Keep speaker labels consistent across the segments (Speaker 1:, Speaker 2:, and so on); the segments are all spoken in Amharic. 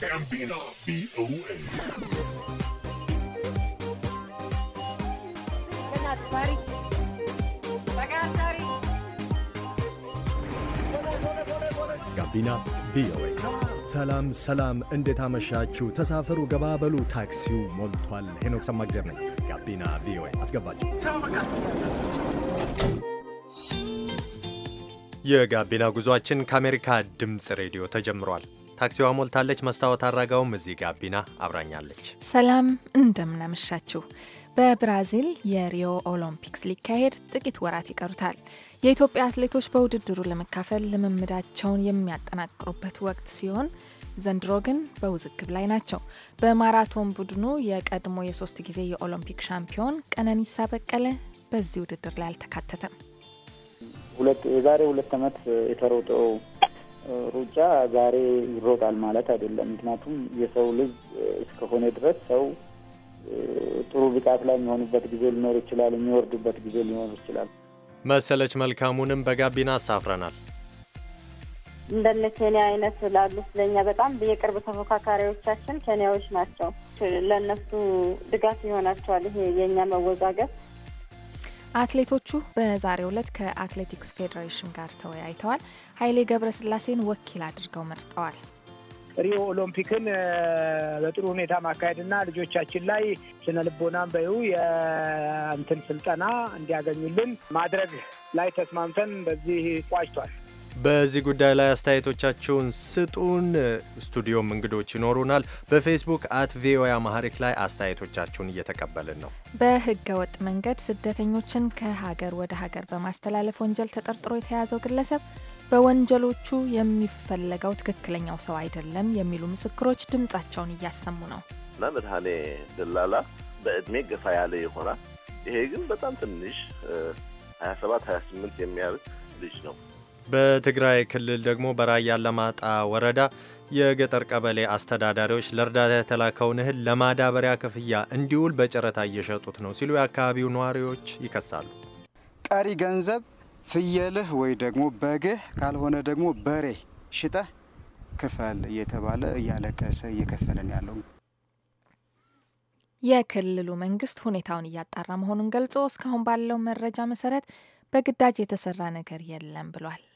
Speaker 1: ጋቢና ቪኦኤ
Speaker 2: ጋቢና ቪኦኤ። ሰላም ሰላም፣ እንዴት አመሻችሁ? ተሳፈሩ፣ በሉ፣ ታክሲው ሞልቷል። ሄኖክ ሰማግዜር ነኝ። ጋቢና ቪኦኤ አስገባችሁ። የጋቢና ጉዟችን ከአሜሪካ ድምፅ ሬዲዮ ተጀምሯል። ታክሲዋ ሞልታለች። መስታወት አድራጋውም እዚህ ጋቢና አብራኛለች።
Speaker 3: ሰላም እንደምናመሻችሁ። በብራዚል የሪዮ ኦሎምፒክስ ሊካሄድ ጥቂት ወራት ይቀሩታል። የኢትዮጵያ አትሌቶች በውድድሩ ለመካፈል ልምምዳቸውን የሚያጠናቅሩበት ወቅት ሲሆን ዘንድሮ ግን በውዝግብ ላይ ናቸው። በማራቶን ቡድኑ የቀድሞ የሶስት ጊዜ የኦሎምፒክ ሻምፒዮን ቀነኒሳ በቀለ በዚህ ውድድር ላይ አልተካተተም።
Speaker 4: ሁለት የዛሬ ሁለት ዓመት የተሮጠው ሩጫ ዛሬ ይሮጣል ማለት አይደለም። ምክንያቱም የሰው ልጅ እስከሆነ ድረስ ሰው ጥሩ ብቃት ላይ የሚሆንበት ጊዜ ሊኖር ይችላል፣ የሚወርድበት ጊዜ ሊኖር ይችላል።
Speaker 2: መሰለች መልካሙንም በጋቢና አሳፍረናል።
Speaker 5: እንደነ ኬንያ አይነት ላሉ ስለኛ በጣም የቅርብ ተፎካካሪዎቻችን ኬንያዎች ናቸው። ለእነሱ ድጋፍ ይሆናቸዋል ይሄ የእኛ መወዛገብ
Speaker 3: አትሌቶቹ በዛሬው ዕለት ከአትሌቲክስ ፌዴሬሽን ጋር ተወያይተዋል። ኃይሌ ገብረስላሴን ወኪል አድርገው መርጠዋል።
Speaker 6: ሪዮ ኦሎምፒክን በጥሩ ሁኔታ ማካሄድና ልጆቻችን ላይ ስነ ልቦናን በዩ የእንትን ስልጠና እንዲያገኙልን ማድረግ ላይ ተስማምተን በዚህ ቋጭቷል።
Speaker 2: በዚህ ጉዳይ ላይ አስተያየቶቻችሁን ስጡን። ስቱዲዮም እንግዶች ይኖሩናል። በፌስቡክ አት ቪኦኤ አማሪክ ላይ አስተያየቶቻችሁን እየተቀበልን ነው።
Speaker 3: በህገ ወጥ መንገድ ስደተኞችን ከሀገር ወደ ሀገር በማስተላለፍ ወንጀል ተጠርጥሮ የተያዘው ግለሰብ በወንጀሎቹ የሚፈለገው ትክክለኛው ሰው አይደለም የሚሉ ምስክሮች ድምጻቸውን እያሰሙ ነው።
Speaker 7: ለምድሃኔ ደላላ በእድሜ ገፋ ያለ ይሆናል። ይሄ ግን በጣም ትንሽ 27 28 የሚያርግ ልጅ ነው።
Speaker 2: በትግራይ ክልል ደግሞ በራያ አላማጣ ወረዳ የገጠር ቀበሌ አስተዳዳሪዎች ለእርዳታ የተላከውን እህል ለማዳበሪያ ክፍያ እንዲውል በጨረታ እየሸጡት ነው ሲሉ የአካባቢው ነዋሪዎች ይከሳሉ።
Speaker 4: ቀሪ ገንዘብ ፍየልህ ወይ ደግሞ በግህ ካልሆነ ደግሞ በሬ ሽጠህ ክፈል እየተባለ እያለቀሰ እየከፈለን ያለው
Speaker 3: የክልሉ መንግስት ሁኔታውን እያጣራ መሆኑን ገልጾ እስካሁን ባለው መረጃ መሰረት በግዳጅ የተሰራ ነገር የለም ብሏል።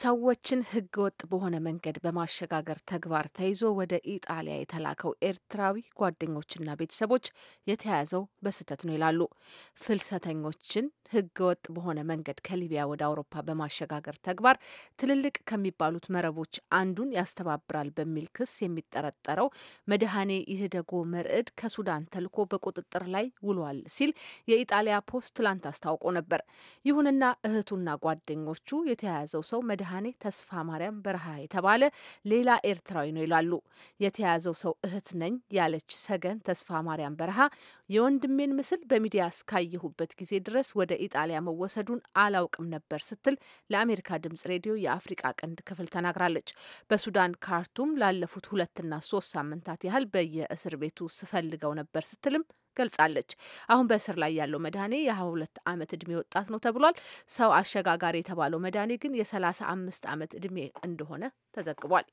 Speaker 8: ሰዎችን ህገወጥ በሆነ መንገድ በማሸጋገር ተግባር ተይዞ ወደ ኢጣሊያ የተላከው ኤርትራዊ ጓደኞችና ቤተሰቦች የተያዘው በስህተት ነው ይላሉ። ፍልሰተኞችን ወጥ በሆነ መንገድ ከሊቢያ ወደ አውሮፓ በማሸጋገር ተግባር ትልልቅ ከሚባሉት መረቦች አንዱን ያስተባብራል በሚል ክስ የሚጠረጠረው መድኃኔ ይህደጎ መርዕድ ከሱዳን ተልኮ በቁጥጥር ላይ ውሏል ሲል የኢጣሊያ ፖስት ትላንት አስታውቆ ነበር። ይሁንና እህቱና ጓደኞቹ የተያያዘው ሰው መድኃኔ ተስፋ ማርያም በረሃ የተባለ ሌላ ኤርትራዊ ነው ይላሉ። የተያዘው ሰው እህት ነኝ ያለች ሰገን ተስፋ ማርያም በረሃ የወንድሜን ምስል በሚዲያ እስካየሁበት ጊዜ ድረስ ወደ ኢጣሊያ መወሰዱን አላውቅም ነበር ስትል ለአሜሪካ ድምጽ ሬዲዮ የአፍሪቃ ቀንድ ክፍል ተናግራለች። በሱዳን ካርቱም ላለፉት ሁለትና ሶስት ሳምንታት ያህል በየእስር ቤቱ ስፈልገው ነበር ስትልም ገልጻለች። አሁን በእስር ላይ ያለው መድኃኔ የ22 ዓመት ዕድሜ ወጣት ነው ተብሏል። ሰው አሸጋጋሪ የተባለው መድኃኔ ግን የ35 ዓመት ዕድሜ እንደሆነ ተዘግቧል።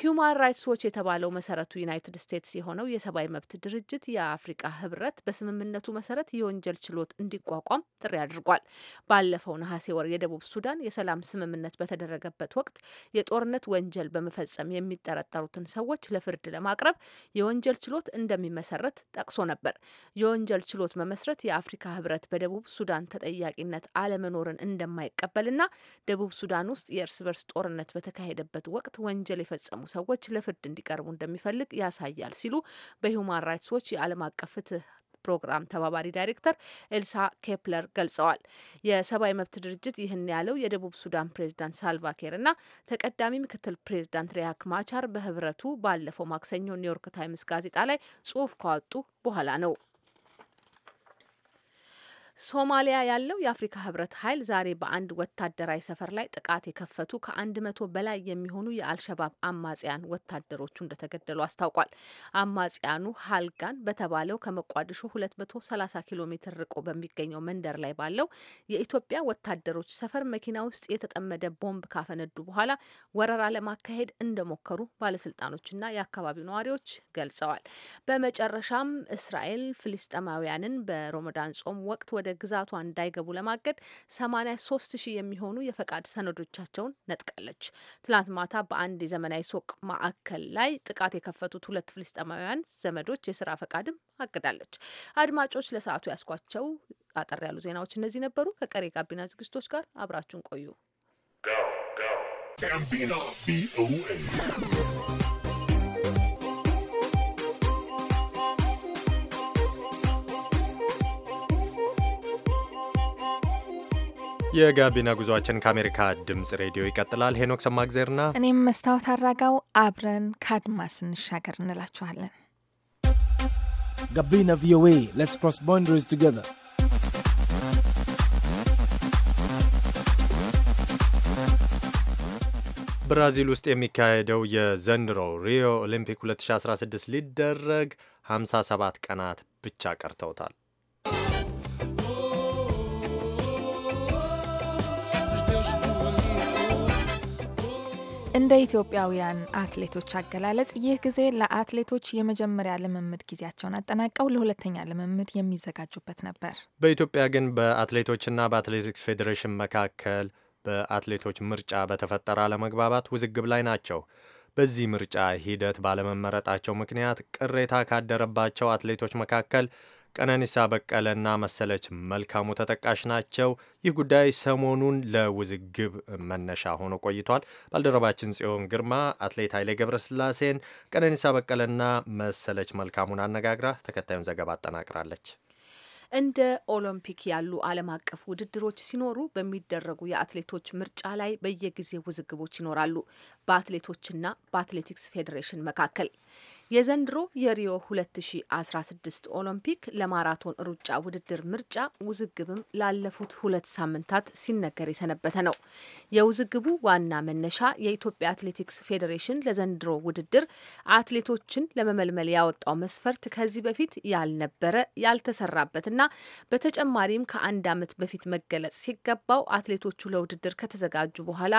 Speaker 8: ሂዩማን ራይትስ ዎች የተባለው መሰረቱ ዩናይትድ ስቴትስ የሆነው የሰብአዊ መብት ድርጅት የአፍሪቃ ህብረት በስምምነቱ መሰረት የወንጀል ችሎት እንዲቋቋም ጥሪ አድርጓል። ባለፈው ነሐሴ ወር የደቡብ ሱዳን የሰላም ስምምነት በተደረገበት ወቅት የጦርነት ወንጀል በመፈጸም የሚጠረጠሩትን ሰዎች ለፍርድ ለማቅረብ የወንጀል ችሎት እንደሚመሰረት ጠቅሶ ነበር። የወንጀል ችሎት መመስረት የአፍሪካ ህብረት በደቡብ ሱዳን ተጠያቂነት አለመኖርን እንደማይቀበልና ደቡብ ሱዳን ውስጥ የእርስ በርስ ጦርነት በተካሄደበት ወቅት ወንጀል የፈጸሙ ሰዎች ለፍርድ እንዲቀርቡ እንደሚፈልግ ያሳያል ሲሉ በሂውማን ራይትስ ዎች የዓለም አቀፍ ፍትህ ፕሮግራም ተባባሪ ዳይሬክተር ኤልሳ ኬፕለር ገልጸዋል። የሰብአዊ መብት ድርጅት ይህን ያለው የደቡብ ሱዳን ፕሬዝዳንት ሳልቫኪር እና ተቀዳሚ ምክትል ፕሬዝዳንት ሪያክ ማቻር በህብረቱ ባለፈው ማክሰኞ ኒውዮርክ ታይምስ ጋዜጣ ላይ ጽሁፍ ካወጡ በኋላ ነው። ሶማሊያ ያለው የአፍሪካ ህብረት ኃይል ዛሬ በአንድ ወታደራዊ ሰፈር ላይ ጥቃት የከፈቱ ከአንድ መቶ በላይ የሚሆኑ የአልሸባብ አማጽያን ወታደሮቹ እንደተገደሉ አስታውቋል። አማጽያኑ ሀልጋን በተባለው ከመቋዲሾ 230 ኪሎ ሜትር ርቆ በሚገኘው መንደር ላይ ባለው የኢትዮጵያ ወታደሮች ሰፈር መኪና ውስጥ የተጠመደ ቦምብ ካፈነዱ በኋላ ወረራ ለማካሄድ እንደሞከሩ ባለስልጣኖችና የአካባቢው ነዋሪዎች ገልጸዋል። በመጨረሻም እስራኤል ፍልስጤማውያንን በሮመዳን ጾም ወቅት ወደ ግዛቷ እንዳይገቡ ለማገድ 83 ሺህ የሚሆኑ የፈቃድ ሰነዶቻቸውን ነጥቃለች። ትናንት ማታ በአንድ የዘመናዊ ሱቅ ማዕከል ላይ ጥቃት የከፈቱት ሁለት ፍልስጤማውያን ዘመዶች የስራ ፈቃድም አግዳለች። አድማጮች ለሰዓቱ ያስኳቸው አጠር ያሉ ዜናዎች እነዚህ ነበሩ። ከቀሪ ጋቢና ዝግጅቶች ጋር አብራችሁን ቆዩ።
Speaker 2: የጋቢና ጉዞአችን ከአሜሪካ ድምፅ ሬዲዮ ይቀጥላል። ሄኖክ ሰማግዜርና
Speaker 3: እኔም መስታወት አራጋው አብረን ከአድማስ እንሻገር እንላችኋለን። ጋቢና ቪኦኤ ሌትስ ክሮስ ቦንደሪስ ቱጌዘር
Speaker 2: ብራዚል ውስጥ የሚካሄደው የዘንድሮው ሪዮ ኦሊምፒክ 2016 ሊደረግ 57 ቀናት ብቻ ቀርተውታል።
Speaker 3: እንደ ኢትዮጵያውያን አትሌቶች አገላለጽ ይህ ጊዜ ለአትሌቶች የመጀመሪያ ልምምድ ጊዜያቸውን አጠናቀው ለሁለተኛ ልምምድ የሚዘጋጁበት ነበር።
Speaker 2: በኢትዮጵያ ግን በአትሌቶችና በአትሌቲክስ ፌዴሬሽን መካከል በአትሌቶች ምርጫ በተፈጠረ አለመግባባት ውዝግብ ላይ ናቸው። በዚህ ምርጫ ሂደት ባለመመረጣቸው ምክንያት ቅሬታ ካደረባቸው አትሌቶች መካከል ቀነኒሳ በቀለና መሰለች መልካሙ ተጠቃሽ ናቸው። ይህ ጉዳይ ሰሞኑን ለውዝግብ መነሻ ሆኖ ቆይቷል። ባልደረባችን ጽዮን ግርማ አትሌት ኃይሌ ገብረስላሴን ቀነኒሳ በቀለና መሰለች መልካሙን አነጋግራ ተከታዩን ዘገባ አጠናቅራለች።
Speaker 8: እንደ ኦሎምፒክ ያሉ ዓለም አቀፍ ውድድሮች ሲኖሩ በሚደረጉ የአትሌቶች ምርጫ ላይ በየጊዜ ውዝግቦች ይኖራሉ በአትሌቶችና በአትሌቲክስ ፌዴሬሽን መካከል። የዘንድሮ የሪዮ 2016 ኦሎምፒክ ለማራቶን ሩጫ ውድድር ምርጫ ውዝግብም ላለፉት ሁለት ሳምንታት ሲነገር የሰነበተ ነው። የውዝግቡ ዋና መነሻ የኢትዮጵያ አትሌቲክስ ፌዴሬሽን ለዘንድሮ ውድድር አትሌቶችን ለመመልመል ያወጣው መስፈርት ከዚህ በፊት ያልነበረ ያልተሰራበትና በተጨማሪም ከአንድ ዓመት በፊት መገለጽ ሲገባው አትሌቶቹ ለውድድር ከተዘጋጁ በኋላ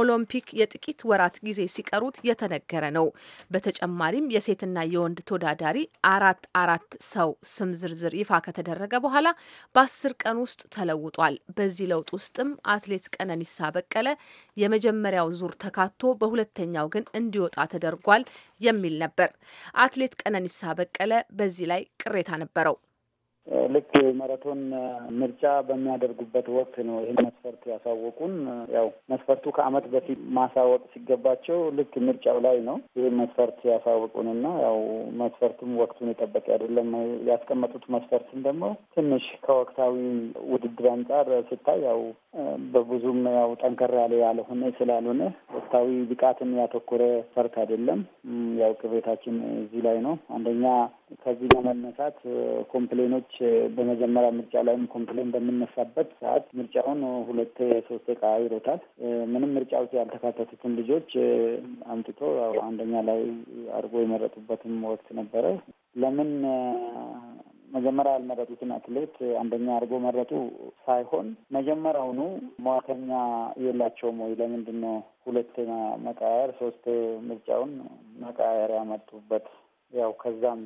Speaker 8: ኦሎምፒክ የጥቂት ወራት ጊዜ ሲቀሩት የተነገረ ነው። በተጨማሪም የሴትና የወንድ ተወዳዳሪ አራት አራት ሰው ስም ዝርዝር ይፋ ከተደረገ በኋላ በአስር ቀን ውስጥ ተለውጧል። በዚህ ለውጥ ውስጥም አትሌት ቀነኒሳ በቀለ የመጀመሪያው ዙር ተካቶ በሁለተኛው ግን እንዲወጣ ተደርጓል የሚል ነበር። አትሌት ቀነኒሳ በቀለ በዚህ ላይ ቅሬታ ነበረው።
Speaker 4: ልክ መረቶን ምርጫ በሚያደርጉበት ወቅት ነው ይህን መስፈርት ያሳወቁን። ያው መስፈርቱ ከዓመት በፊት ማሳወቅ ሲገባቸው ልክ ምርጫው ላይ ነው ይህን መስፈርት ያሳወቁንና ያው መስፈርቱም ወቅቱን የጠበቀ አይደለም። ያስቀመጡት መስፈርትን ደግሞ ትንሽ ከወቅታዊ ውድድር አንጻር ስታይ ያው በብዙም ያው ጠንከር ያለ ያለሆነ ስላልሆነ ወቅታዊ ብቃትን ያተኮረ ፈርት አይደለም። ያው ቅሬታችን እዚህ ላይ ነው አንደኛ ከዚህ በመነሳት ኮምፕሌኖች በመጀመሪያ ምርጫ ላይም ኮምፕሌን በምነሳበት ሰዓት ምርጫውን ሁለት ሶስት እቃ ይሮታል። ምንም ምርጫ ውስጥ ያልተካተቱትን ልጆች አምጥቶ አንደኛ ላይ አድርጎ የመረጡበትም ወቅት ነበረ። ለምን መጀመሪያ ያልመረጡትን አትሌት አንደኛ አድርጎ መረጡ ሳይሆን መጀመሪያውኑ ሟተኛ የላቸውም ወይ? ለምንድን ነው ሁለት መቃየር ሶስት ምርጫውን መቃየር ያመጡበት? ያው ከዛም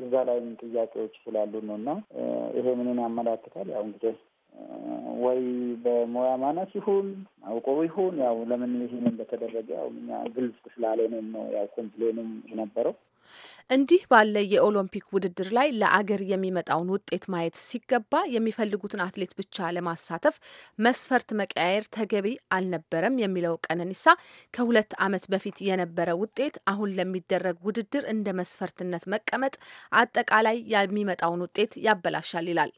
Speaker 4: እዛ ላይም ጥያቄዎች ስላሉ ነው እና ይሄ ምንን ያመላክታል? ያው እንግዲህ ወይ በሙያ ማነስ ይሁን አውቆ ይሁን ያው ለምን ይህን እንደተደረገ ያው ግልጽ ስላለንም ነው ያው ኮምፕሌንም የነበረው
Speaker 8: እንዲህ ባለ የኦሎምፒክ ውድድር ላይ ለአገር የሚመጣውን ውጤት ማየት ሲገባ የሚፈልጉትን አትሌት ብቻ ለማሳተፍ መስፈርት መቀያየር ተገቢ አልነበረም የሚለው ቀነኒሳ ከሁለት ዓመት በፊት የነበረ ውጤት አሁን ለሚደረግ ውድድር እንደ መስፈርትነት መቀመጥ አጠቃላይ የሚመጣውን ውጤት ያበላሻል ይላል።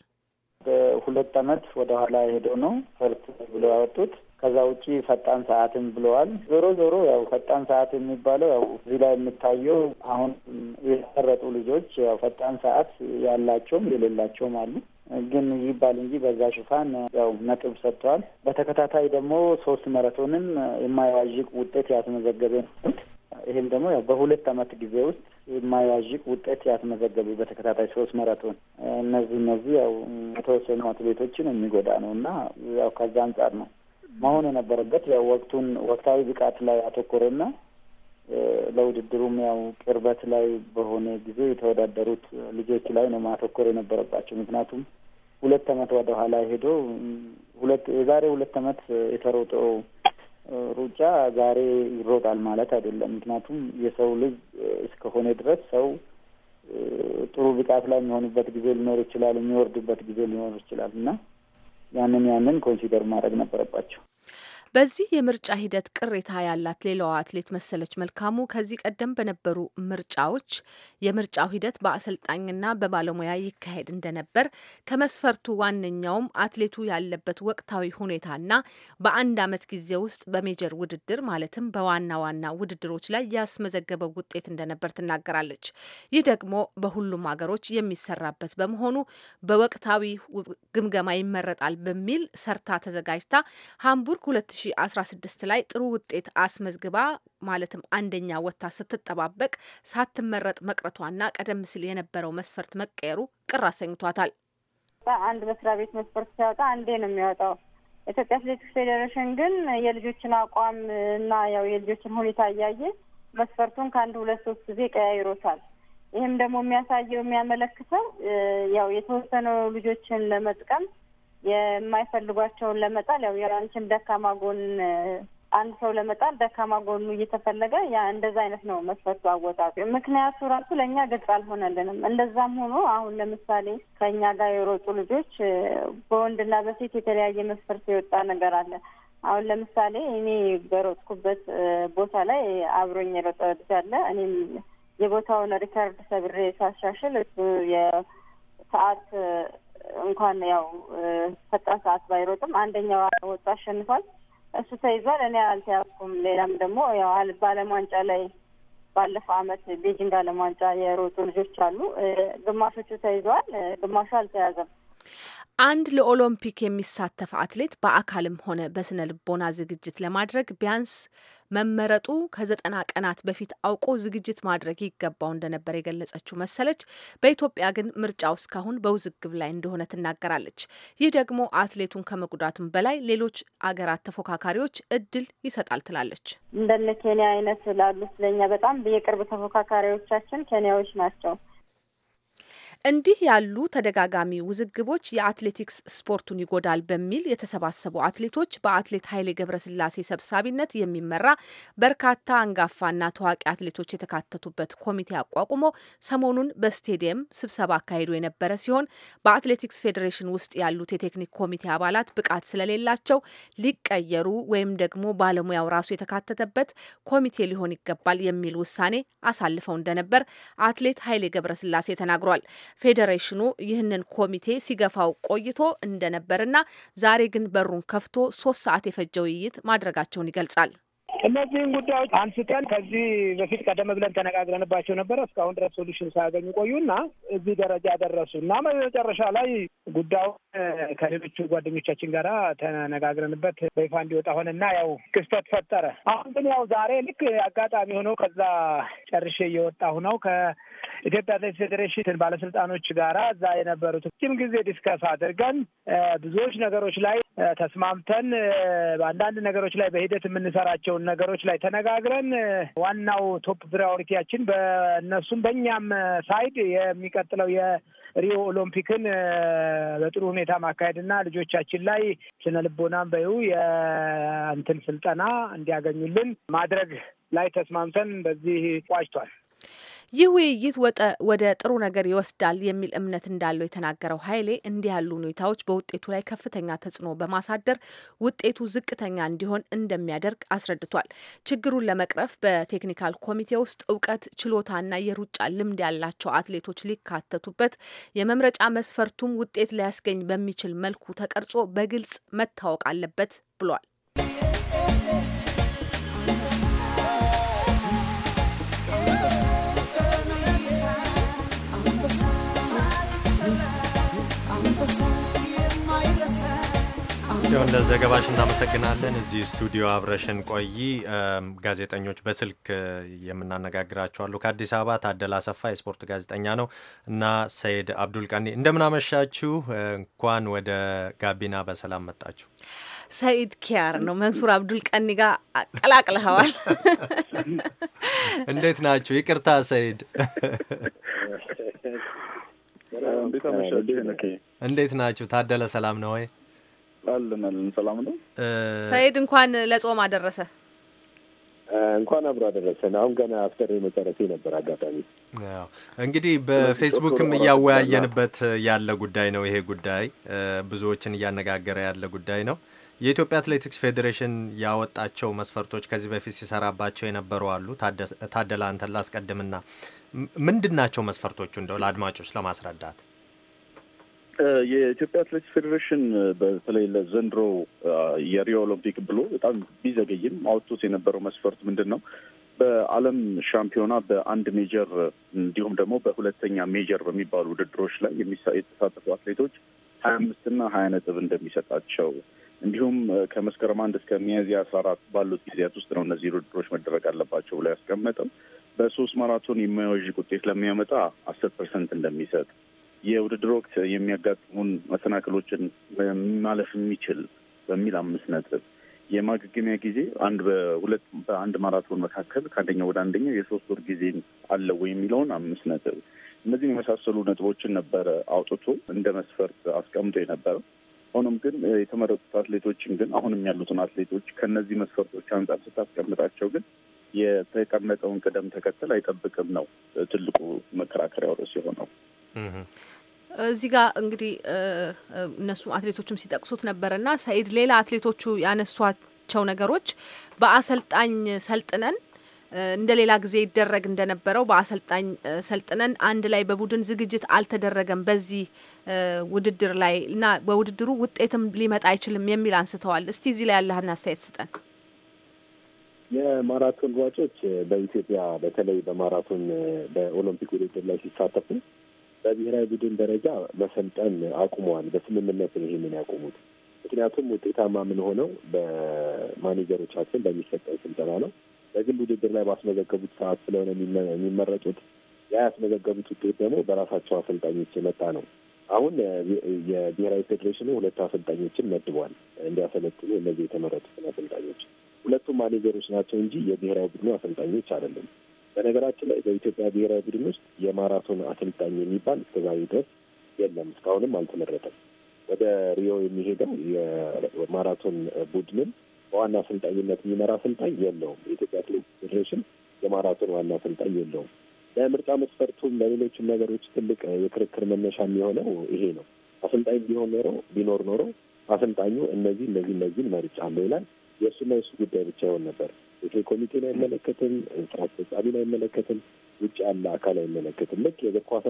Speaker 4: በሁለት ዓመት ወደኋላ ሄደው ነው ፈርት ብለው ያወጡት ከዛ ውጪ ፈጣን ሰዓትም ብለዋል። ዞሮ ዞሮ ያው ፈጣን ሰዓት የሚባለው ያው እዚህ ላይ የሚታየው አሁን የተመረጡ ልጆች ያው ፈጣን ሰዓት ያላቸውም የሌላቸውም አሉ። ግን ይባል እንጂ በዛ ሽፋን ያው ነጥብ ሰጥተዋል። በተከታታይ ደግሞ ሶስት መረቶንም የማያዋዥቅ ውጤት ያስመዘገበ ነው። ይህም ደግሞ ያው በሁለት አመት ጊዜ ውስጥ የማያዋዥቅ ውጤት ያስመዘገቡ በተከታታይ ሶስት መረቶን እነዚህ እነዚህ ያው የተወሰኑ አትሌቶችን የሚጎዳ ነው እና ያው ከዛ አንጻር ነው መሆን የነበረበት ያው ወቅቱን ወቅታዊ ብቃት ላይ አተኮረና ለውድድሩም ያው ቅርበት ላይ በሆነ ጊዜ የተወዳደሩት ልጆች ላይ ነው ማተኮር የነበረባቸው። ምክንያቱም ሁለት ዓመት ወደ ኋላ ሄዶ ሁለት የዛሬ ሁለት ዓመት የተሮጠው ሩጫ ዛሬ ይሮጣል ማለት አይደለም። ምክንያቱም የሰው ልጅ እስከሆነ ድረስ ሰው ጥሩ ብቃት ላይ የሚሆንበት ጊዜ ሊኖር ይችላል፣ የሚወርድበት ጊዜ ሊኖር ይችላል እና ያንን ያንን ኮንሲደር ማድረግ ነበረባቸው።
Speaker 8: በዚህ የምርጫ ሂደት ቅሬታ ያላት ሌላዋ አትሌት መሰለች መልካሙ ከዚህ ቀደም በነበሩ ምርጫዎች የምርጫው ሂደት በአሰልጣኝና በባለሙያ ይካሄድ እንደነበር ከመስፈርቱ ዋነኛውም አትሌቱ ያለበት ወቅታዊ ሁኔታና በአንድ አመት ጊዜ ውስጥ በሜጀር ውድድር ማለትም በዋና ዋና ውድድሮች ላይ ያስመዘገበው ውጤት እንደነበር ትናገራለች። ይህ ደግሞ በሁሉም ሀገሮች የሚሰራበት በመሆኑ በወቅታዊ ግምገማ ይመረጣል በሚል ሰርታ ተዘጋጅታ ሃምቡርግ ሁለት 2016 ላይ ጥሩ ውጤት አስመዝግባ ማለትም አንደኛ ወጥታ ስትጠባበቅ ሳትመረጥ መቅረቷና ቀደም ሲል የነበረው መስፈርት መቀየሩ ቅር አሰኝቷታል።
Speaker 5: አንድ መስሪያ ቤት መስፈርት ሲያወጣ አንዴ ነው የሚያወጣው። ኢትዮጵያ አትሌቲክስ ፌዴሬሽን ግን የልጆችን አቋም እና ያው የልጆችን ሁኔታ እያየ መስፈርቱን ከአንድ ሁለት ሶስት ጊዜ ቀያይሮታል። ይህም ደግሞ የሚያሳየው የሚያመለክተው ያው የተወሰኑ ልጆችን ለመጥቀም የማይፈልጓቸውን ለመጣል ያው የራንችን ደካማ ጎን አንድ ሰው ለመጣል ደካማ ጎኑ እየተፈለገ ያ እንደዛ አይነት ነው መስፈርቱ አወጣጡ። ምክንያቱ ራሱ ለእኛ ግልጽ አልሆነልንም። እንደዛም ሆኖ አሁን ለምሳሌ ከእኛ ጋር የሮጡ ልጆች በወንድና በሴት የተለያየ መስፈርት የወጣ ነገር አለ። አሁን ለምሳሌ እኔ በሮጥኩበት ቦታ ላይ አብሮኝ የሮጠ ልጅ አለ። እኔም የቦታውን ሪከርድ ሰብሬ ሳሻሽል እሱ የሰዓት እንኳን ያው ፈጣን ሰዓት ባይሮጥም አንደኛው ወጡ አሸንፏል። እሱ ተይዟል። እኔ አልተያዝኩም። ሌላም ደግሞ ያው በዓለም ዋንጫ ላይ ባለፈው አመት ቤጂንግ ዓለም ዋንጫ የሮጡ ልጆች አሉ። ግማሾቹ ተይዘዋል፣ ግማሹ አልተያዘም።
Speaker 8: አንድ ለኦሎምፒክ የሚሳተፍ አትሌት በአካልም ሆነ በስነ ልቦና ዝግጅት ለማድረግ ቢያንስ መመረጡ ከዘጠና ቀናት በፊት አውቆ ዝግጅት ማድረግ ይገባው እንደነበር የገለጸችው መሰለች በኢትዮጵያ ግን ምርጫው እስካሁን በውዝግብ ላይ እንደሆነ ትናገራለች። ይህ ደግሞ አትሌቱን ከመጉዳቱም በላይ ሌሎች አገራት ተፎካካሪዎች እድል ይሰጣል ትላለች።
Speaker 5: እንደነ ኬንያ አይነት ላሉት ለኛ በጣም የቅርብ ተፎካካሪዎቻችን ኬንያዎች
Speaker 8: ናቸው። እንዲህ ያሉ ተደጋጋሚ ውዝግቦች የአትሌቲክስ ስፖርቱን ይጎዳል በሚል የተሰባሰቡ አትሌቶች በአትሌት ኃይሌ ገብረስላሴ ሰብሳቢነት የሚመራ በርካታ አንጋፋና ታዋቂ አትሌቶች የተካተቱበት ኮሚቴ አቋቁሞ ሰሞኑን በስቴዲየም ስብሰባ አካሂዶ የነበረ ሲሆን በአትሌቲክስ ፌዴሬሽን ውስጥ ያሉት የቴክኒክ ኮሚቴ አባላት ብቃት ስለሌላቸው ሊቀየሩ ወይም ደግሞ ባለሙያው ራሱ የተካተተበት ኮሚቴ ሊሆን ይገባል የሚል ውሳኔ አሳልፈው እንደነበር አትሌት ኃይሌ ገብረስላሴ ተናግሯል። ፌዴሬሽኑ ይህንን ኮሚቴ ሲገፋው ቆይቶ እንደነበርና ዛሬ ግን በሩን ከፍቶ ሶስት ሰዓት የፈጀ ውይይት ማድረጋቸውን ይገልጻል። እነዚህን ጉዳዮች አንስተን ከዚህ በፊት ቀደም ብለን ተነጋግረንባቸው ነበረ። እስካሁን ድረስ ሶሉሽን
Speaker 6: ሳያገኙ ቆዩና እዚህ ደረጃ ደረሱ እና መጨረሻ ላይ ጉዳዩን ከሌሎቹ ጓደኞቻችን ጋራ ተነጋግረንበት በይፋ እንዲወጣ ሆነና ያው ክስተት ፈጠረ። አሁን ግን ያው ዛሬ ልክ አጋጣሚ ሆነው ከዛ ጨርሼ እየወጣሁ ነው ከኢትዮጵያ አትሌቲክስ ፌዴሬሽን ባለስልጣኖች ጋራ እዛ የነበሩት ጅም ጊዜ ዲስከስ አድርገን ብዙዎች ነገሮች ላይ ተስማምተን በአንዳንድ ነገሮች ላይ በሂደት የምንሰራቸውን ነገሮች ላይ ተነጋግረን ዋናው ቶፕ ፕራዮሪቲያችን በእነሱም በእኛም ሳይድ የሚቀጥለው የሪዮ ኦሎምፒክን በጥሩ ሁኔታ ማካሄድና ልጆቻችን ላይ ስነ ልቦናም በዩ የእንትን ስልጠና እንዲያገኙልን ማድረግ ላይ ተስማምተን በዚህ ቋጭቷል።
Speaker 8: ይህ ውይይት ወደ ጥሩ ነገር ይወስዳል የሚል እምነት እንዳለው የተናገረው ኃይሌ እንዲህ ያሉ ሁኔታዎች በውጤቱ ላይ ከፍተኛ ተጽዕኖ በማሳደር ውጤቱ ዝቅተኛ እንዲሆን እንደሚያደርግ አስረድቷል። ችግሩን ለመቅረፍ በቴክኒካል ኮሚቴ ውስጥ እውቀት፣ ችሎታና የሩጫ ልምድ ያላቸው አትሌቶች ሊካተቱበት የመምረጫ መስፈርቱም ውጤት ሊያስገኝ በሚችል መልኩ ተቀርጾ በግልጽ መታወቅ አለበት ብሏል።
Speaker 2: ጽዮን ለዘገባሽ እናመሰግናለን። እዚህ ስቱዲዮ አብረሽን ቆይ። ጋዜጠኞች በስልክ የምናነጋግራቸው አሉ። ከአዲስ አበባ ታደል አሰፋ የስፖርት ጋዜጠኛ ነው እና ሰይድ አብዱል ቀኒ እንደምናመሻችሁ። እንኳን ወደ ጋቢና በሰላም መጣችሁ።
Speaker 8: ሰይድ ኪያር ነው መንሱር አብዱል ቀኒ ጋር አቀላቅልኸዋል።
Speaker 2: እንዴት ናችሁ? ይቅርታ ሰይድ እንዴት ናችሁ? ታደለ ሰላም ነው ወይ? ሰላም ነው ሰይድ፣
Speaker 8: እንኳን ለጾም አደረሰ።
Speaker 1: እንኳን አብሮ አደረሰን። አሁን ገና አፍተር መጨረሴ ነበር አጋጣሚ።
Speaker 8: እንግዲህ በፌስቡክም እያወያየንበት
Speaker 2: ያለ ጉዳይ ነው። ይሄ ጉዳይ ብዙዎችን እያነጋገረ ያለ ጉዳይ ነው። የኢትዮጵያ አትሌቲክስ ፌዴሬሽን ያወጣቸው መስፈርቶች ከዚህ በፊት ሲሰራባቸው የነበሩ አሉ። ታደለ አንተን ላስቀድምና ምንድን ናቸው መስፈርቶቹ እንደው ለአድማጮች ለማስረዳት
Speaker 9: የኢትዮጵያ አትሌቲክስ ፌዴሬሽን በተለይ ለዘንድሮ የሪዮ ኦሎምፒክ ብሎ በጣም ቢዘገይም አውጥቶት የነበረው መስፈርት ምንድን ነው? በዓለም ሻምፒዮና በአንድ ሜጀር እንዲሁም ደግሞ በሁለተኛ ሜጀር በሚባሉ ውድድሮች ላይ የተሳተፉ አትሌቶች ሀያ አምስት እና ሀያ ነጥብ እንደሚሰጣቸው እንዲሁም ከመስከረም አንድ እስከ ሚያዝያ አስራ አራት ባሉት ጊዜያት ውስጥ ነው እነዚህ ውድድሮች መደረግ አለባቸው ብሎ ያስቀመጠው። በሶስት ማራቶን የሚያወዥቅ ውጤት ለሚያመጣ አስር ፐርሰንት እንደሚሰጥ የውድድር ወቅት የሚያጋጥሙን መሰናክሎችን ማለፍ የሚችል በሚል አምስት ነጥብ የማገገሚያ ጊዜ አንድ በሁለት በአንድ ማራቶን መካከል ከአንደኛው ወደ አንደኛው የሶስት ወር ጊዜ አለው የሚለውን አምስት ነጥብ እነዚህን የመሳሰሉ ነጥቦችን ነበረ አውጥቶ እንደ መስፈርት አስቀምጦ የነበረ። ሆኖም ግን የተመረጡት አትሌቶችን ግን አሁንም ያሉትን አትሌቶች ከነዚህ መስፈርቶች አንጻር ስታስቀምጣቸው ግን የተቀመጠውን ቅደም ተከተል አይጠብቅም ነው ትልቁ መከራከሪያው ርዕስ የሆነው።
Speaker 8: እዚህ ጋር እንግዲህ እነሱ አትሌቶችም ሲጠቅሱት ነበርና ሰኢድ፣ ሌላ አትሌቶቹ ያነሷቸው ነገሮች በአሰልጣኝ ሰልጥነን እንደ ሌላ ጊዜ ይደረግ እንደነበረው በአሰልጣኝ ሰልጥነን አንድ ላይ በቡድን ዝግጅት አልተደረገም በዚህ ውድድር ላይ እና በውድድሩ ውጤትም ሊመጣ አይችልም የሚል አንስተዋል። እስቲ እዚህ ላይ ያለህን አስተያየት ስጠን።
Speaker 1: የማራቶን ሯጮች በኢትዮጵያ በተለይ በማራቶን በኦሎምፒክ ውድድር ላይ ሲሳተፉ በብሔራዊ ቡድን ደረጃ መሰልጠን አቁመዋል። በስምምነት ነው ይህንን ያቆሙት። ምክንያቱም ውጤታማ ሆነው በማኔጀሮቻችን በሚሰጠን ስልጠና ነው። በግል ውድድር ላይ ባስመዘገቡት ሰዓት ስለሆነ የሚመረጡት ያ ያስመዘገቡት ውጤት ደግሞ በራሳቸው አሰልጣኞች የመጣ ነው። አሁን የብሔራዊ ፌዴሬሽኑ ሁለት አሰልጣኞችን መድቧል እንዲያሰለጥኑ እነዚህ የተመረጡትን አሰልጣኞች ሁለቱም ማኔጀሮች ናቸው እንጂ የብሔራዊ ቡድኑ አሰልጣኞች አይደለም። በነገራችን ላይ በኢትዮጵያ ብሔራዊ ቡድን ውስጥ የማራቶን አሰልጣኝ የሚባል እስከዛሬ ድረስ የለም። እስካሁንም አልተመረጠም። ወደ ሪዮ የሚሄደው የማራቶን ቡድንም በዋና አሰልጣኝነት የሚመራ አሰልጣኝ የለውም። የኢትዮጵያ አትሌቲክስ ፌዴሬሽን የማራቶን ዋና አሰልጣኝ የለውም። ለምርጫ መስፈርቱም ለሌሎችም ነገሮች ትልቅ የክርክር መነሻ የሚሆነው ይሄ ነው። አሰልጣኝ ቢሆን ኖሮ ቢኖር ኖሮ አሰልጣኙ እነዚህ እነዚህ እነዚህን መርጫለሁ ይላል የእሱና የእሱ ጉዳይ ብቻ ይሆን ነበር። ይሄ ኮሚቴን አይመለከትም፣ ስራ አስፈጻሚን አይመለከትም፣ ውጭ ያለ አካል አይመለከትም። ልክ የእግር ኳስ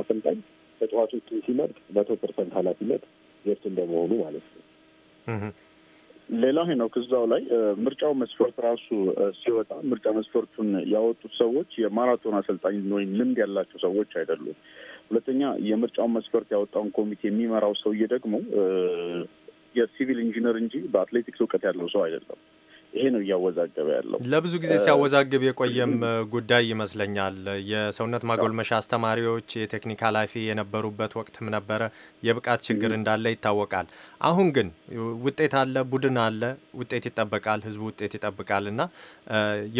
Speaker 1: አሰልጣኝ ተጫዋቾች ሲመርጥ መቶ ፐርሰንት ኃላፊነት የእሱ
Speaker 9: እንደመሆኑ ማለት ነው። ሌላ ሄኖክ እዛው ላይ ምርጫው መስፈርት ራሱ ሲወጣ ምርጫ መስፈርቱን ያወጡት ሰዎች የማራቶን አሰልጣኝ ወይም ልምድ ያላቸው ሰዎች አይደሉም። ሁለተኛ የምርጫውን መስፈርት ያወጣውን ኮሚቴ የሚመራው ሰውዬ ደግሞ የሲቪል ኢንጂነር እንጂ በአትሌቲክስ እውቀት ያለው ሰው አይደለም። ይሄ ነው እያወዛገበ
Speaker 2: ያለው። ለብዙ ጊዜ ሲያወዛግብ የቆየም ጉዳይ ይመስለኛል። የሰውነት ማጎልመሻ አስተማሪዎች የቴክኒክ ኃላፊ የነበሩበት ወቅትም ነበረ። የብቃት ችግር እንዳለ ይታወቃል። አሁን ግን ውጤት አለ፣ ቡድን አለ፣ ውጤት ይጠበቃል፣ ህዝቡ ውጤት ይጠብቃል። እና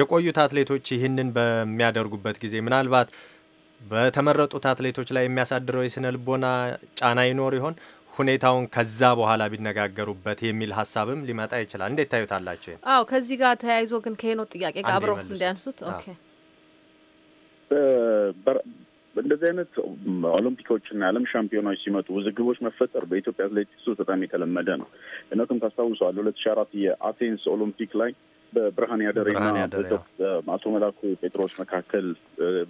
Speaker 2: የቆዩት አትሌቶች ይህንን በሚያደርጉበት ጊዜ ምናልባት በተመረጡት አትሌቶች ላይ የሚያሳድረው የስነ ልቦና ጫና ይኖር ይሆን? ሁኔታውን ከዛ በኋላ ቢነጋገሩበት የሚል ሀሳብም ሊመጣ ይችላል። እንዴት ታዩታላቸው?
Speaker 8: አዎ ከዚህ ጋር ተያይዞ ግን ከሄኖት ጥያቄ ጋር አብረው እንዲያንሱት
Speaker 9: እንደዚህ አይነት ኦሎምፒኮችና የዓለም ሻምፒዮናዎች ሲመጡ ውዝግቦች መፈጠር በኢትዮጵያ አትሌቲክስ በጣም የተለመደ ነው። እነቱም ካስታውሰዋል ሁለት ሺ አራት የአቴንስ ኦሎምፒክ ላይ በብርሃን ያደሬና አቶ መላኩ ጴጥሮስ መካከል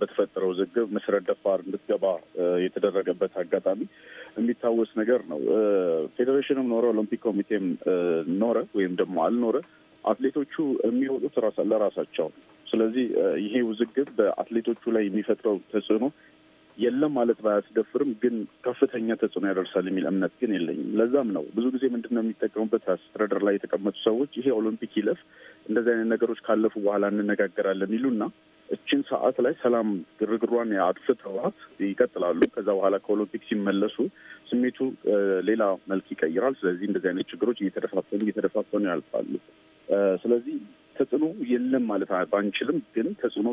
Speaker 9: በተፈጠረው ዝግብ መሰረት ደፋር እንድትገባ የተደረገበት አጋጣሚ የሚታወስ ነገር ነው። ፌዴሬሽንም ኖረ ኦሎምፒክ ኮሚቴም ኖረ ወይም ደግሞ አልኖረ አትሌቶቹ የሚወጡት ለራሳቸው። ስለዚህ ይሄ ውዝግብ በአትሌቶቹ ላይ የሚፈጥረው ተጽዕኖ የለም ማለት ባያስደፍርም ግን ከፍተኛ ተጽዕኖ ያደርሳል የሚል እምነት ግን የለኝም። ለዛም ነው ብዙ ጊዜ ምንድን ነው የሚጠቀሙበት አስተዳደር ላይ የተቀመጡ ሰዎች ይሄ ኦሎምፒክ ይለፍ፣ እንደዚህ አይነት ነገሮች ካለፉ በኋላ እንነጋገራለን ይሉና እችን ሰዓት ላይ ሰላም ግርግሯን አጥፍተዋት ይቀጥላሉ። ከዛ በኋላ ከኦሎምፒክ ሲመለሱ ስሜቱ ሌላ መልክ ይቀይራል። ስለዚህ እንደዚህ አይነት ችግሮች እየተደፋፈኑ እየተደፋፈኑ ያልፋሉ። ስለዚህ ተጽዕኖ የለም ማለት ባንችልም፣ ግን ተጽዕኖ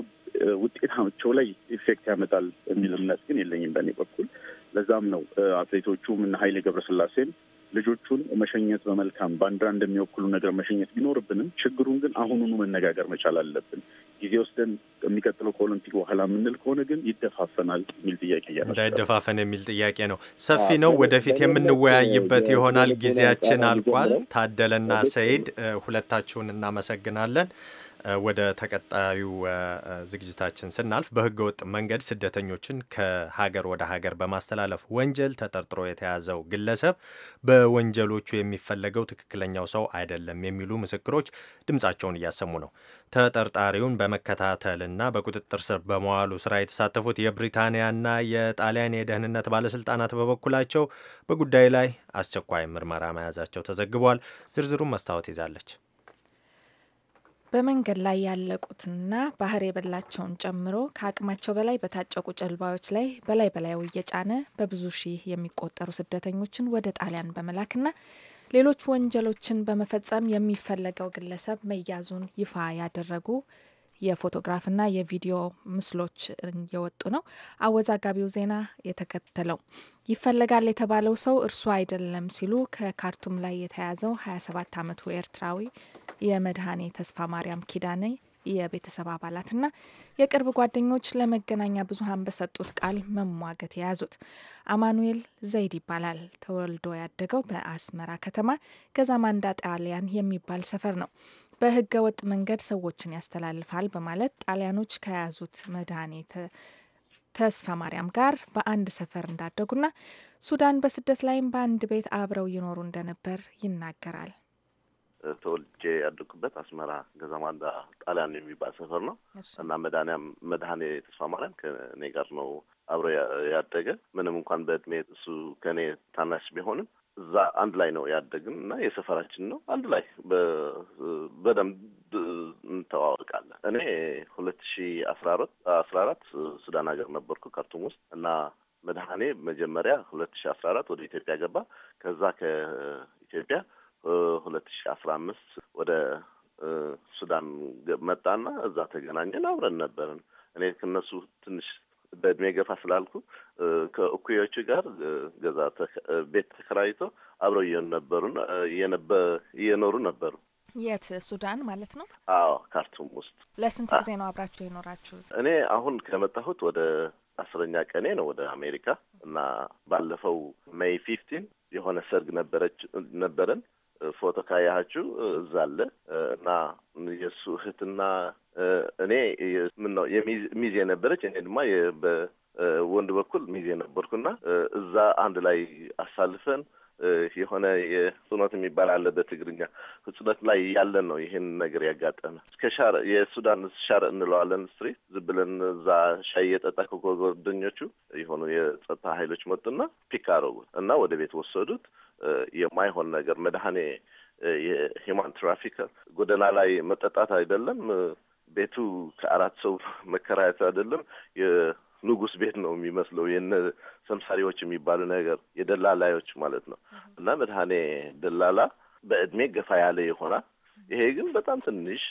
Speaker 9: ውጤታቸው ላይ ኢፌክት ያመጣል የሚል እምነት ግን የለኝም በእኔ በኩል። ለዛም ነው አትሌቶቹም እና ኃይሌ ገብረስላሴም ልጆቹን መሸኘት በመልካም ባንዲራ እንደሚወክሉ ነገር መሸኘት ቢኖርብንም ችግሩን ግን አሁኑኑ መነጋገር መቻል አለብን። ጊዜ ወስደን የሚቀጥለው ከኦሎምፒክ በኋላ የምንል ከሆነ ግን ይደፋፈናል
Speaker 2: የሚል ጥያቄ እያ እንዳይደፋፈን የሚል ጥያቄ ነው። ሰፊ ነው። ወደፊት የምንወያይበት ይሆናል። ጊዜያችን አልቋል። ታደለና ሰይድ ሁለታችሁን እናመሰግናለን። ወደ ተቀጣዩ ዝግጅታችን ስናልፍ በህገወጥ መንገድ ስደተኞችን ከሀገር ወደ ሀገር በማስተላለፍ ወንጀል ተጠርጥሮ የተያዘው ግለሰብ በወንጀሎቹ የሚፈለገው ትክክለኛው ሰው አይደለም የሚሉ ምስክሮች ድምጻቸውን እያሰሙ ነው። ተጠርጣሪውን በመከታተልና በቁጥጥር ስር በመዋሉ ስራ የተሳተፉት የብሪታንያና የጣሊያን የደህንነት ባለስልጣናት በበኩላቸው በጉዳዩ ላይ አስቸኳይ ምርመራ መያዛቸው ተዘግቧል። ዝርዝሩን መስታወት ይዛለች።
Speaker 3: በመንገድ ላይ ያለቁትና ባህር የበላቸውን ጨምሮ ከአቅማቸው በላይ በታጨቁ ጀልባዎች ላይ በላይ በላዩ እየጫነ በብዙ ሺህ የሚቆጠሩ ስደተኞችን ወደ ጣሊያን በመላክና ሌሎች ወንጀሎችን በመፈጸም የሚፈለገው ግለሰብ መያዙን ይፋ ያደረጉ የፎቶግራፍና የቪዲዮ ምስሎች እየወጡ ነው። አወዛጋቢው ዜና የተከተለው ይፈለጋል የተባለው ሰው እርሱ አይደለም ሲሉ ከካርቱም ላይ የተያዘው 27 ዓመቱ ኤርትራዊ የመድኃኔ ተስፋ ማርያም ኪዳኔ የቤተሰብ አባላትና የቅርብ ጓደኞች ለመገናኛ ብዙኃን በሰጡት ቃል መሟገት የያዙት አማኑኤል ዘይድ ይባላል። ተወልዶ ያደገው በአስመራ ከተማ ገዛ ማንዳ ጣሊያን የሚባል ሰፈር ነው። በህገ ወጥ መንገድ ሰዎችን ያስተላልፋል በማለት ጣሊያኖች ከያዙት መድኃኒት ተስፋ ማርያም ጋር በአንድ ሰፈር እንዳደጉና ሱዳን በስደት ላይም በአንድ ቤት አብረው ይኖሩ እንደነበር ይናገራል።
Speaker 7: ተወልጄ ያደኩበት አስመራ ገዛማንዳ ጣሊያን የሚባል ሰፈር ነው እና መድኃኒያም መድኃኔ ተስፋ ማርያም ከእኔ ጋር ነው አብሮ ያደገ። ምንም እንኳን በእድሜ እሱ ከእኔ ታናሽ ቢሆንም እዛ አንድ ላይ ነው ያደግን እና የሰፈራችን ነው። አንድ ላይ በደንብ እንተዋወቃለን። እኔ ሁለት ሺ አስራ አራት አስራ አራት ሱዳን ሀገር ነበርኩ ካርቱም ውስጥ እና መድኃኔ መጀመሪያ ሁለት ሺ አስራ አራት ወደ ኢትዮጵያ ገባ። ከዛ ከኢትዮጵያ ሁለት ሺ አስራ አምስት ወደ ሱዳን መጣና እዛ ተገናኘን። አብረን ነበርን። እኔ ከነሱ ትንሽ በእድሜ ገፋ ስላልኩ ከእኩዮቹ ጋር ገዛ ቤት ተከራይቶ አብረው እየነበሩ እየኖሩ ነበሩ።
Speaker 3: የት ሱዳን ማለት ነው?
Speaker 7: አዎ ካርቱም ውስጥ።
Speaker 3: ለስንት ጊዜ ነው አብራችሁ የኖራችሁት?
Speaker 7: እኔ አሁን ከመጣሁት ወደ አስረኛ ቀኔ ነው ወደ አሜሪካ እና ባለፈው ሜይ ፊፍቲን የሆነ ሰርግ ነበረች ነበረን ፎቶ ካያችሁ እዛ አለ እና የእሱ እህትና እኔ ምን ነው ሚዜ ነበረች። እኔ ድማ በወንድ በኩል ሚዜ ነበርኩና እዛ አንድ ላይ አሳልፈን የሆነ የሱነት የሚባል አለ በትግርኛ ህጹነት ላይ ያለን ነው። ይህን ነገር ያጋጠመ እስከ ሻር የሱዳን ሻር እንለዋለን ስትሪት ዝም ብለን እዛ ሻይ የጠጣ ከጓደኞቹ የሆኑ የጸጥታ ሀይሎች መጡና ፒክ አረጉ እና ወደ ቤት ወሰዱት። የማይሆን ነገር መድኃኔ የሂማን ትራፊከር ጎደና ላይ መጠጣት አይደለም ቤቱ ከአራት ሰው መከራየት አይደለም ንጉስ ቤት ነው የሚመስለው የነ ሰምሳሪዎች የሚባሉ ነገር የደላላዮች ማለት ነው። እና መድኃኔ ደላላ በእድሜ ገፋ ያለ ይሆናል። ይሄ ግን በጣም ትንሽ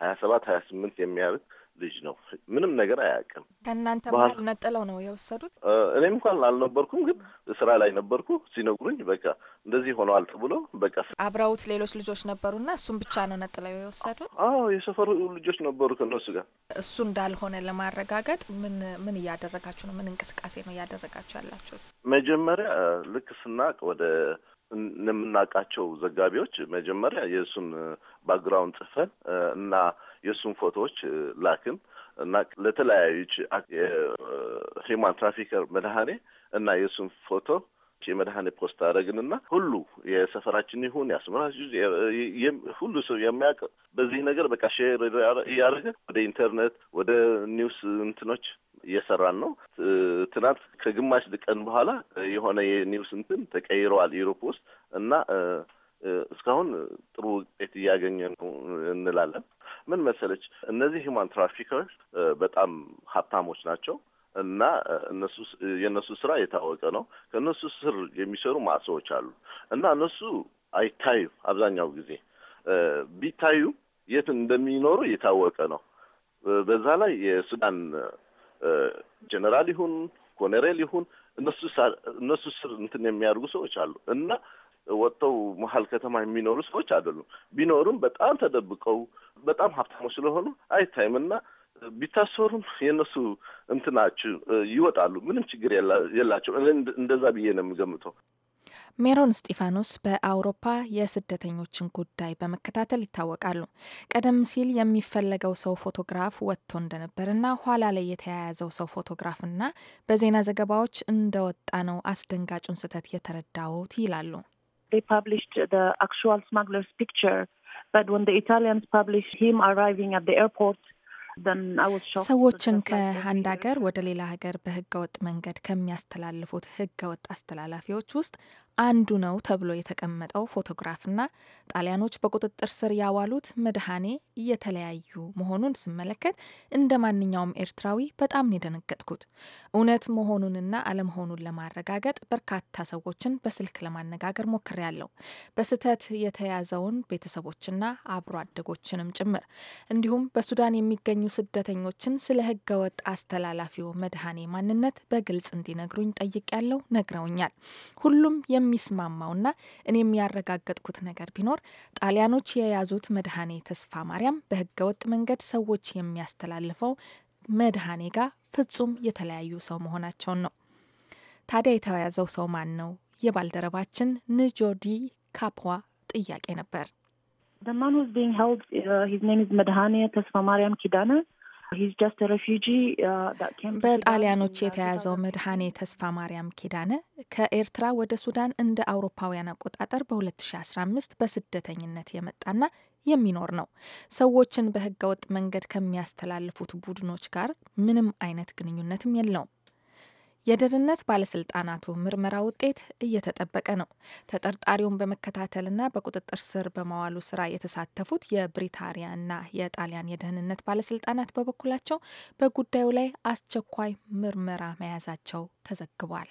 Speaker 7: ሀያ ሰባት ሀያ ስምንት የሚያደርግ ልጅ ነው። ምንም ነገር አያውቅም።
Speaker 3: ከእናንተ ባህል ነጥለው ነው የወሰዱት።
Speaker 7: እኔም እንኳን አልነበርኩም፣ ግን ስራ ላይ ነበርኩ። ሲነግሩኝ በቃ እንደዚህ ሆነዋል ብሎ በቃ
Speaker 3: አብረውት ሌሎች ልጆች ነበሩና እሱን ብቻ ነው ነጥለው የወሰዱት። አዎ የሰፈሩ ልጆች
Speaker 7: ነበሩ ከነሱ ጋር።
Speaker 3: እሱ እንዳልሆነ ለማረጋገጥ ምን ምን እያደረጋችሁ ነው? ምን እንቅስቃሴ ነው እያደረጋችሁ ያላችሁ?
Speaker 7: መጀመሪያ ልክ ስናቅ ወደ እንደምናውቃቸው ዘጋቢዎች መጀመሪያ የእሱን ባክግራውንድ ጽፈን እና የእሱን ፎቶዎች ላክን እና ለተለያዩ ሂማን ትራፊከር መድኃኔ እና የእሱን ፎቶ የመድኃኔ ፖስት አደረግንና ሁሉ የሰፈራችን ይሁን የአስመራ ሁሉ ሰው የሚያውቅ በዚህ ነገር በቃ ሼር እያደረገ ወደ ኢንተርኔት ወደ ኒውስ እንትኖች እየሰራን ነው። ትናንት ከግማሽ ቀን በኋላ የሆነ የኒውስ እንትን ተቀይረዋል ዩሮፕ ውስጥ እና እስካሁን ጥሩ ውጤት እያገኘ ነው እንላለን። ምን መሰለች፣ እነዚህ ሂማን ትራፊከሮች በጣም ሀብታሞች ናቸው። እና እነሱ የእነሱ ስራ የታወቀ ነው። ከእነሱ ስር የሚሰሩ ማሰዎች አሉ እና እነሱ አይታዩ አብዛኛው ጊዜ ቢታዩ የት እንደሚኖሩ የታወቀ ነው። በዛ ላይ የሱዳን ጀኔራል ይሁን ኮሎኔል ይሁን እነሱ ስር እንትን የሚያደርጉ ሰዎች አሉ እና ወጥተው መሀል ከተማ የሚኖሩ ሰዎች አይደሉም። ቢኖሩም በጣም ተደብቀው በጣም ሀብታሞች ስለሆኑ አይታይም እና ቢታሰሩም የእነሱ እንትናቸው ይወጣሉ። ምንም ችግር የላቸው። እንደዛ ብዬ ነው የምገምተው።
Speaker 3: ሜሮን እስጢፋኖስ በአውሮፓ የስደተኞችን ጉዳይ በመከታተል ይታወቃሉ። ቀደም ሲል የሚፈለገው ሰው ፎቶግራፍ ወጥቶ እንደነበርና ኋላ ላይ የተያያዘው ሰው ፎቶግራፍና በዜና ዘገባዎች እንደወጣ ነው አስደንጋጩን ስህተት የተረዳውት ይላሉ።
Speaker 5: ስማግለርስ ፒክቸር በት ወን ኢታሊያንስ ፐብሊሽ ሂም አራይቪንግ አት ኤርፖርት
Speaker 3: ሰዎችን ከአንድ ሀገር ወደ ሌላ ሀገር በህገወጥ መንገድ ከሚያስተላልፉት ህገወጥ አስተላላፊዎች ውስጥ አንዱ ነው ተብሎ የተቀመጠው ፎቶግራፍና ጣሊያኖች በቁጥጥር ስር ያዋሉት መድኃኔ እየተለያዩ መሆኑን ስመለከት እንደ ማንኛውም ኤርትራዊ በጣም ነው የደነገጥኩት። እውነት መሆኑንና አለመሆኑን ለማረጋገጥ በርካታ ሰዎችን በስልክ ለማነጋገር ሞክሬያለሁ። በስህተት የተያዘውን ቤተሰቦችና አብሮ አደጎችንም ጭምር እንዲሁም በሱዳን የሚገኙ ስደተኞችን ስለ ህገወጥ አስተላላፊው መድኃኔ ማንነት በግልጽ እንዲነግሩኝ ጠይቄያለሁ። ነግረውኛል። ሁሉም የሚስማማውና እኔም ያረጋገጥኩት ነገር ቢኖር ጣሊያኖች የያዙት መድኃኔ ተስፋ ማርያም በህገወጥ መንገድ ሰዎች የሚያስተላልፈው መድኃኔ ጋር ፍጹም የተለያዩ ሰው መሆናቸውን ነው። ታዲያ የተያዘው ሰው ማን ነው? የባልደረባችን ንጆዲ ካፖዋ ጥያቄ ነበር። The man who's being held, uh, his name is Medhane Tesfamariam Kidana. Uh, በጣሊያኖች uh, የተያዘው መድኃኔ ተስፋ ማርያም ኪዳነ ከኤርትራ ወደ ሱዳን እንደ አውሮፓውያን አቆጣጠር በ2015 በስደተኝነት የመጣና የሚኖር ነው። ሰዎችን በህገወጥ መንገድ ከሚያስተላልፉት ቡድኖች ጋር ምንም አይነት ግንኙነትም የለውም። የደህንነት ባለስልጣናቱ ምርመራ ውጤት እየተጠበቀ ነው። ተጠርጣሪውን በመከታተልና በቁጥጥር ስር በማዋሉ ስራ የተሳተፉት የብሪታንያና የጣሊያን የደህንነት ባለስልጣናት በበኩላቸው በጉዳዩ ላይ አስቸኳይ ምርመራ መያዛቸው ተዘግቧል።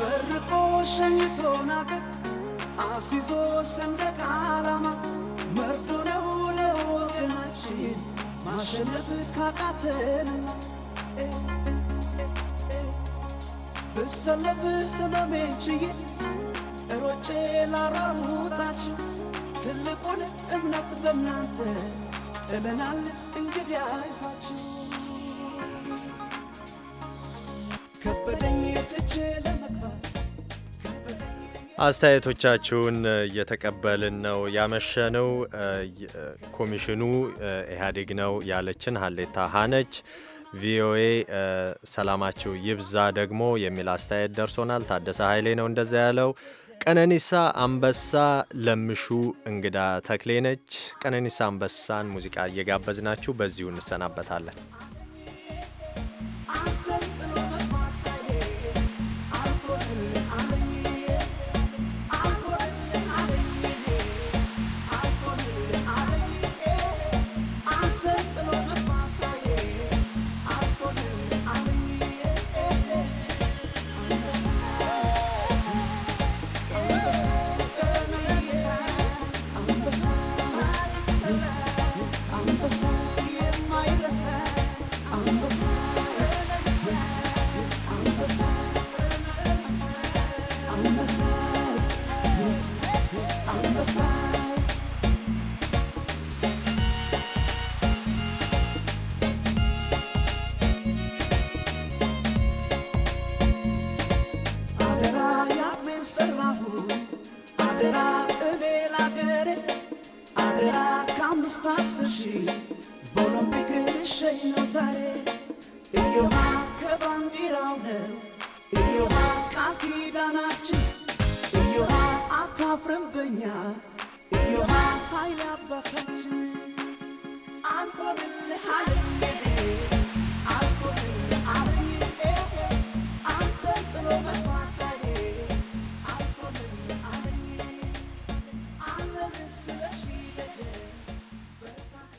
Speaker 2: መርቆ ሸኝቶ ናገር አስይዞ ሰንደቅ ዓላማ መርዶ ነው ለወገናችን ማሸነፍ ካቃተንና ብሰለፍ ህመሜ ችዬ ሮጬ ላራውጣችሁ ትልቁን እምነት በእናንተ ጥለናል እንግዲህ አይዟችሁ። ከበደኝ ትቼ ለመግባት አስተያየቶቻችሁን እየተቀበልን ነው ያመሸነው። ኮሚሽኑ ኢህአዴግ ነው ያለችን ሀሌታ ሀነች ቪኦኤ ሰላማችሁ ይብዛ ደግሞ የሚል አስተያየት ደርሶናል። ታደሰ ኃይሌ ነው እንደዛ ያለው። ቀነኒሳ አንበሳ ለምሹ እንግዳ ተክሌ ነች። ቀነኒሳ አንበሳን ሙዚቃ እየጋበዝናችሁ በዚሁ እንሰናበታለን።